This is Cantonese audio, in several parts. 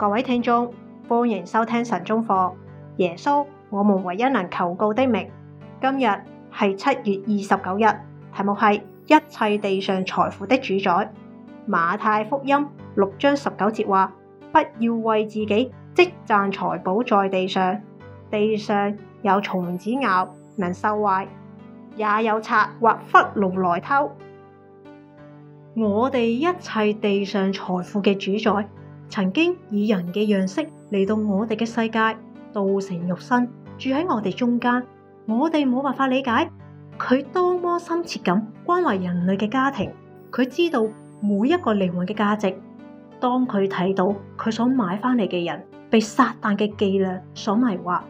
各位聽眾，歡迎收聽神中課。耶穌，我們唯一能求告的名。今日係七月二十九日，題目係一切地上財富的主宰。馬太福音六章十九節話：不要為自己積攢財寶在地上，地上有蟲子咬，能鏽壞，也有賊挖窟窿來偷。我哋一切地上財富嘅主宰。曾經以人嘅樣式嚟到我哋嘅世界，道成肉身住喺我哋中間，我哋冇辦法理解佢多麼深切咁關懷人類嘅家庭。佢知道每一個靈魂嘅價值。當佢睇到佢所買翻嚟嘅人被撒旦嘅伎倆所迷惑，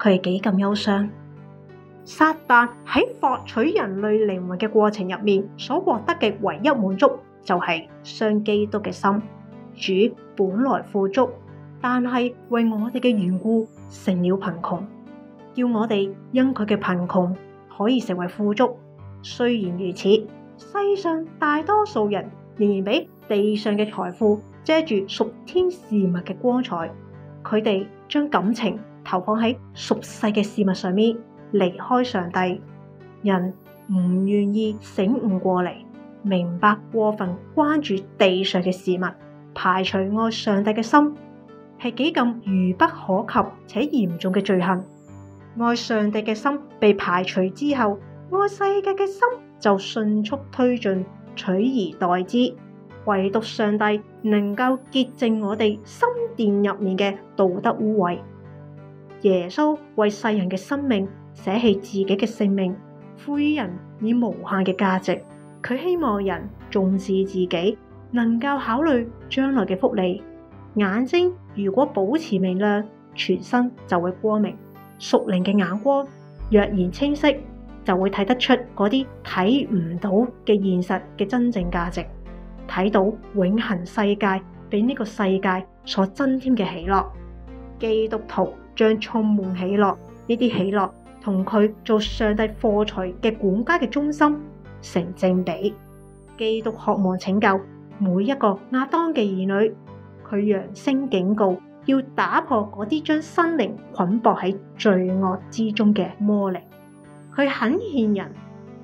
佢係幾咁憂傷。撒旦喺獲取人類靈魂嘅過程入面所獲得嘅唯一滿足，就係傷基督嘅心。主本來富足，但係為我哋嘅緣故成了貧窮，叫我哋因佢嘅貧窮可以成為富足。雖然如此，世上大多數人仍然俾地上嘅財富遮住屬天事物嘅光彩。佢哋將感情投放喺屬世嘅事物上面，離開上帝，人唔願意醒悟過嚟，明白過分關注地上嘅事物，排除愛上帝嘅心係幾咁愚不可及且嚴重嘅罪行。愛上帝嘅心被排除之後，愛世界嘅心就迅速推進取而代之，唯獨上帝能夠潔淨我哋心殿入面嘅道德污穢。耶穌為世人嘅生命捨棄自己嘅性命，賦予人以無限嘅價值，佢希望人重視自己。能夠考慮將來嘅福利，眼睛如果保持明亮，全身就會光明。屬靈嘅眼光若然清晰，就會睇得出嗰啲睇唔到嘅現實嘅真正價值，睇到永恆世界比呢個世界所增添嘅喜樂。基督徒將充滿喜樂，呢啲喜樂同佢做上帝貨財嘅管家嘅忠心成正比。基督渴望拯救。每一個亞當嘅兒女，佢揚聲警告，要打破嗰啲將心靈捆綁喺罪惡之中嘅魔力。佢懇勸人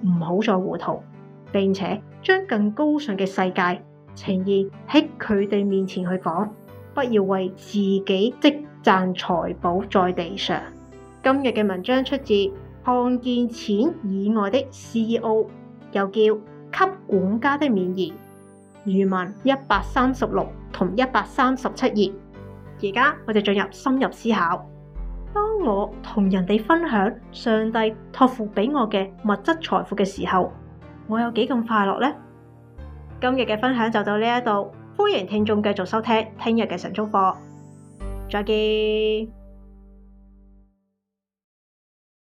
唔好再糊塗，並且將更高尚嘅世界情義喺佢哋面前去講，不要為自己積攢財寶在地上。今日嘅文章出自看見錢以外的 CEO 又叫給管家的勉言。余文一百三十六同一百三十七頁，而家我哋進入深入思考。當我同人哋分享上帝託付俾我嘅物質財富嘅時候，我有幾咁快樂呢？今日嘅分享就到呢一度，歡迎聽眾繼續收聽聽日嘅神足課。再見。